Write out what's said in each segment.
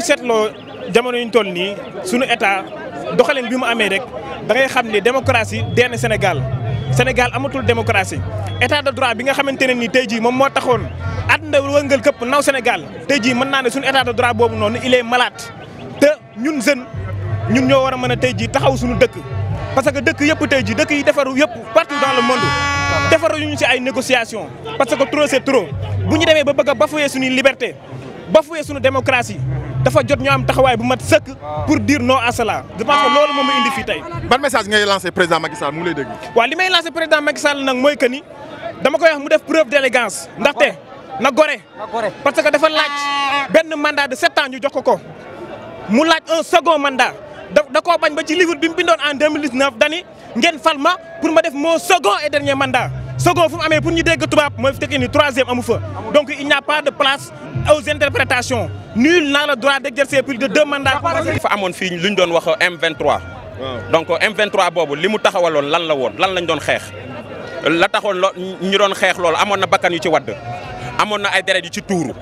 ñu seetloo jamono yu ñu toll nii suñu état doxalin bi mu amee rek dangay xam ne démocratie dee na Sénégal Sénégal amatul démocratie état de droit bi nga xamante ne nii tey jii moom moo taxoon ndaw wëngal këpp naw Sénégal tey jii mën naa ne suñu état de droit boobu noonu il est malade te ñun jeune ñun ñoo war a mën a tey jii taxaw suñu dëkk parce que dëkk yëpp tey jii dëkk yi defaru yëpp partout dans le monde defaru ñu ci ay négociation parce que trop c'est trop bu ñu demee ba bëgg a bafouer suñuy ba bafoué suñu démocratie dafa jot ñu am taxawaay bu mat sëkk pour dire no à cela je pense que loolu moom indi fii tey. ban message ngay lancé président Macky Sall mu ngi lay dégg. waaw li may lancé président Macky Sall mooy que dama koy wax mu def preuve d'élégance ndaxte na gore parce que dafa laaj benn mandaa de sept ñu jox ko ko mu laaj un second mandat da ko koo bañ ba ci livre bi mu bindoon en 2019 dani ngeen fal ma pour ma def mon second et dernier mandat. second fu mu amee pour ñu degg tubaab mooy fi tekki ni troisième amu fa donc il n'y a pas de place aux interprétations nul n'a le droit d'exercer plus de deux mandats. dafa amoon fii lu ñu doon wax M23. donc M23 boobu li mu taxawaloon lan la woon lan lañu doon xeex. la taxoon lo ñu doon xeex loolu amoon na bakkan yu ci wadd amoon na ay deret yu ci tuuru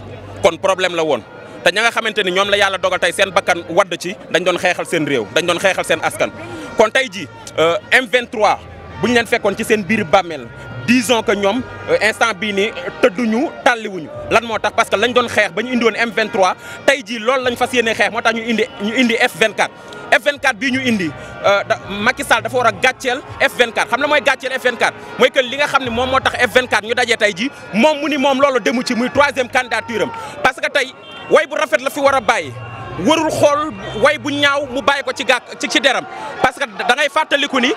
kon problème la woon te ña nga xamante ni ñoom la yàlla dogal tey seen bakkan wadd ci dañ doon xeexal seen réew dañ doon xeexal seen askan kon tey ji euh, M23 leen fekkoon ci seen biir bàmmeel dix ans que ñoom euh, instant bii nii euh, tëdduñu tàlliwuñu lan moo tax parce que lañ doon xeex ba ñu indi woon M23 tey jii loolu lañ fas yéene xeex moo tax ñu indi ñu indi F24. F24 bii ñu indi euh, Macky Sall dafa war a gàcceel F24 xam na mooy gàcceel F24 mooy que li nga xam ne moom moo tax F24 ñu dajee tey ji moom mu ni moom loolu demu ci muy troisième candidature am parce que tey way bu rafet la fi war a bàyyi. warul xool way bu ñaaw mu bàyyi ko ci gàkk ci ci deram parce que da ngay fàttaliku ni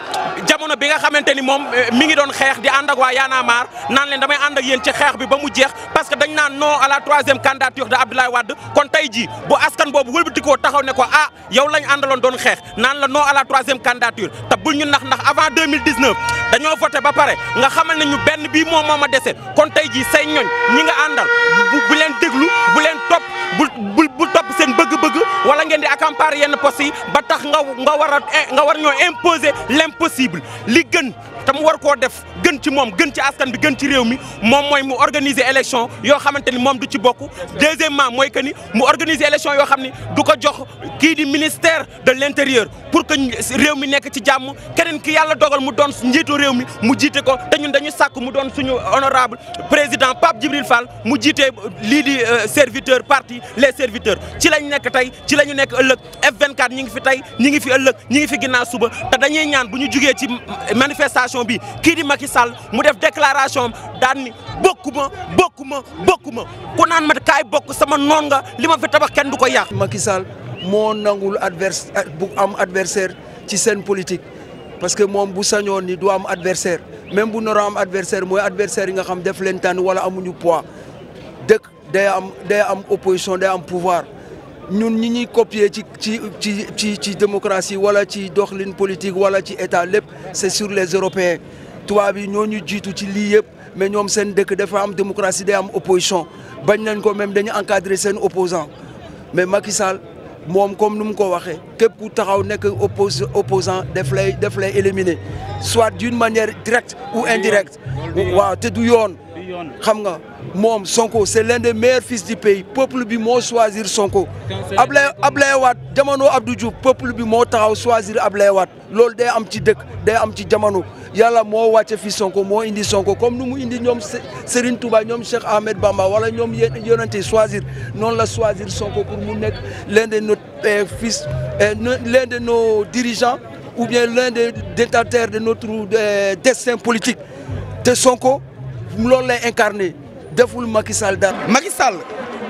jamono bi nga xamante ni moom eh, mi ngi doon xeex di ànd ak waa Y'en a marre naan leen damay ànd ak yéen ci xeex bi ba mu jeex parce que dañ naan non à la troisième candidature de Abdoulaye Wade kon tey jii bu askan boobu wëlbatikoo taxaw ne ko a ah, yow lañu àndaloon doon xeex naan la no à la troisième candidature te bul ñu nax ndax avant 2019 dañoo voté ba pare nga xamal ne ñu benn bii moom moo ma dese kon tey jii say ñoñ ñi nga àndal bu leen déglu bu leen topp. jaar yenn ko si ba tax nga nga war a eh, nga war ñoo imposer l'impossible li gën te mu war koo def gën ci moom gën ci askan bi gën ci réew mi moom mooy mu organiser élection yoo xamante ni moom du ci bokk deuxièmement mooy que ni mu organiser élection yoo xam ni du ko jox kii di ministère de l'intérieur pour que réew mi nekk ci jàmm keneen ki yàlla dogal mu doon njiitu réew mi mu jiite ko te ñun dañu sàkk mu doon suñu honorable président Pape Djibril Fall mu jiite lii di euh, serviteur parti les serviteurs ci lañ nekk tey ci la ñu nekk ëllëg 24 ñi ngi fi tey ñi ngi fi ëllëg ñi ngi fi ginnaaw suba te dañuy ñaan bu ñu jugee ci manifestation bi kii di Macky Sall mu def déclaration am daan ni ma bokku ma bokku ku naan ma kaay bokk sama noon nga li ma fi tabax kenn du ko yàq. Macky Sall moo nangul adverse bu am adversaire ci seen politique parce que moom bu sañoon ni du am adversaire même bu nar a am adversaire mooy adversaire yi nga xam def leen tànn wala amuñu poids dëkk day am day am opposition day am pouvoir. ñun ñi ñuy copier ci ci ci ci ci démocratie wala ci doxalin politique wala ci état lépp c'est sur les européens tubaab yi ñoo ñu jiitu ci lii yëpp mais ñoom seen dëkk dafa am démocratie day am opposition bañ nañ ko même dañu encadrer seen opposant mais Macky Sall moom comme nu mu ko waxee képp ku taxaw nekk oppos opposant daf lay daf lay éliminer soit d'une manière directe ou indirecte waaw te du yoon xam nga moom Sonko c' est de un des meilleurs fils du pays peuple bi moo choisir Sonko. Ablaye Ablaye Wade jamono Abdou Diouf peuple bi moo taxaw choisir Ablaye Wade loolu day am ci dëkk day am ci jamono yàlla moo wàcce fi Sonko moo indi Sonko comme nu mu indi ñoom Serigne Touba ñoom Cheikh Ahmed Bamba wala ñoom yonente soisir noonu la soisir Sonko pour mu nekk l'un de nos eh, fils eh, l'un de nos dirigeants ou bien l'un de détenteurs de notre eh, destin politique te Sonko. loolu lay incarné deful Macky Sall dara. Sall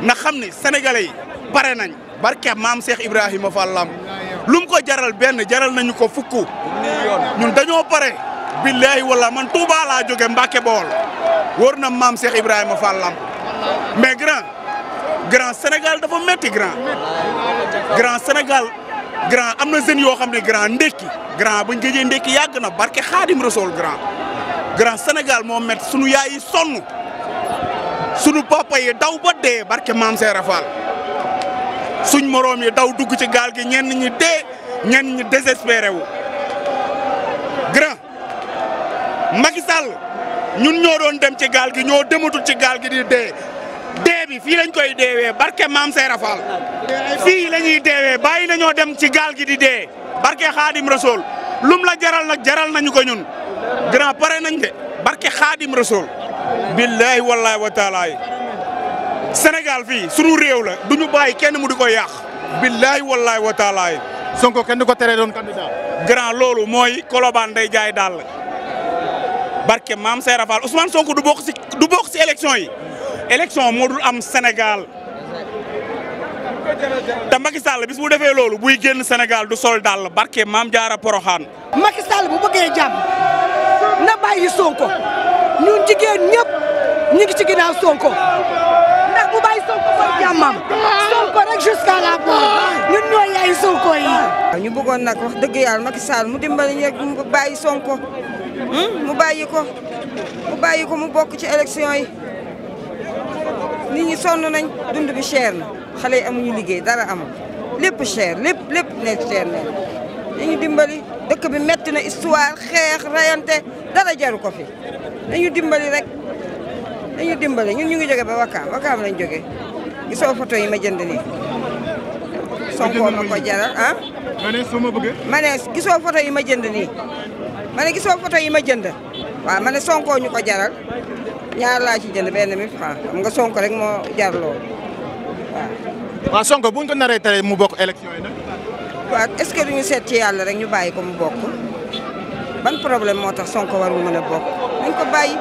na xam ne sénégalais pare nañ barke maam seex Ibrahima Fall Lam lu ko jaral benn jaral nañ ko fukk ñun dañoo pare billahi wala man Touba laa jóge Mbacke Bawol na maam seex Ibrahima Fall Lam mais grand grand Sénégal dafa métti grand grand Sénégal grand am na jeunes yoo xam ne grand ndekki grand buñ gëjee ndekki yàgg na barke Xaadim Rasool grand grand Sénégal moom met sunu yaay yi sonn sunu papa daw ba dee barke maam Seera Fall suñ moroom yi daw dugg ci gaal gi ñenn ñi dee ñenn ñi désespéré wu. grand Macky Sall ñun ñoo doon dem ci gaal gi ñoo dematul ci gaal gi di dee dee bi fii lañ koy deewee barke maam Seera Fall fii la ñuy deewee bàyyi nañoo dem ci gaal gi di dee barke Xaadim Rasool lum la jaral nag jaral nañu ko ñun. grand pare nañ de barke xaadim rasool billaahi wallaahi wa taalaay Sénégal fii sunu réew la du ñu bàyyi kenn mu di ko yàq billaahi wallaahi wa taalaay Sonko kenn du ko teree doon candidat loolu mooy Colobane day jaay daal barke maam Seyra Fall Ousmane Sonko du bokk si du yi élection moo dul am Sénégal te Macky Sall bis bu defee loolu buy génn Sénégal du sol daal barke maam jaara Poroxaan Macky Sall bu bëggee jàmm na bàyyi Sonko ñun jigéen ñëpp ñu ngi ci ginnaaw Sonko ndax bu bàyyi Sonko mooy Sonko rek jusqu'à la mort ñun ñoo yaay Sonko yi. ñu bëggoon nag wax dëgg yàlla Macky Sall mu dimbali ñu rek mu bàyyi Sonko hmm? mu bàyyi ko mu ko mu bokk ci élection yi nit ñi sonn nañ dund bi na xale yi amuñu liggéey dara amul lépp cher lépp lépp nekk cher na ñu dimbali dëkk bi metti na xeex rayante. dara jaru ko fi dañu dimbali rek dañu dimbali ñun ñu ngi jóge ba Wakaam Wakaam lañ jóge gisoo photo yi ma jënd nii Sonko ma ko jaral ah ma ne ma bëggee ma gisoo photo yi ma jënd nii ma ne gisoo yi ma jënd waaw ma Sonko ñu ko jaral ñaar laa ci jënd benn mi franc xam nga Sonko rek moo jar lool waaw waaw Sonko buñ ko naree tere mu bokk élection yi nag waaw est-ce que duñu seet ci yàlla rek ñu bàyyi ko mu bok ban problème moo tax Sonko warul mën a bokk nañ ko bàyyi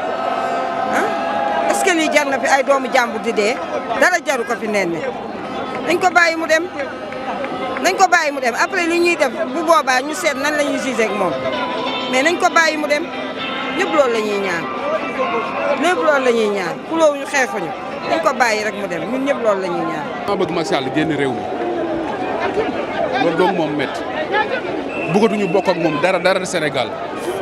ah est-ce fi ay doomu jàmbur di dee dara jaru ko fi nen ne nañ ko bàyyi mu dem nañ ko bàyyi mu dem après li ñuy def bu boobaa ñu seet nan lañu ñuy moom mais nañ ko bàyyi mu dem ñëpp loolu la ñuy ñaan lépp loolu la ñuy ñaan ñu xeexuñu dañ ko bàyyi rek mu dem ñun ñëpp lool lañu ñuy ñaan. maa bëgg Macky Sall génn réew mi loolu doomu moom métti bëggatuñu bokk ak moom dara dara Sénégal.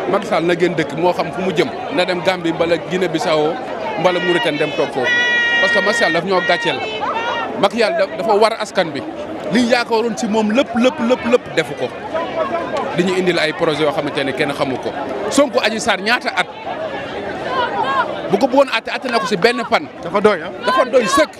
Macky Sall na génn dëkk moo xam fu mu jëm na dem Gambie mbala Guinée Bissau mbala Mauritanie dem toog foofu parce que Macky Sall daf ñoo gàcceel Macky Sall dafa war askan bi li ñu si moom lépp lépp lépp lépp defu ko li ñu indil ay projet yoo xamante ne kenn xamu ko Sonko Adji Sarr ñaata at bu ko bëggoon atte atte na ko si benn fan dafa doy ah. dafa doy sëkk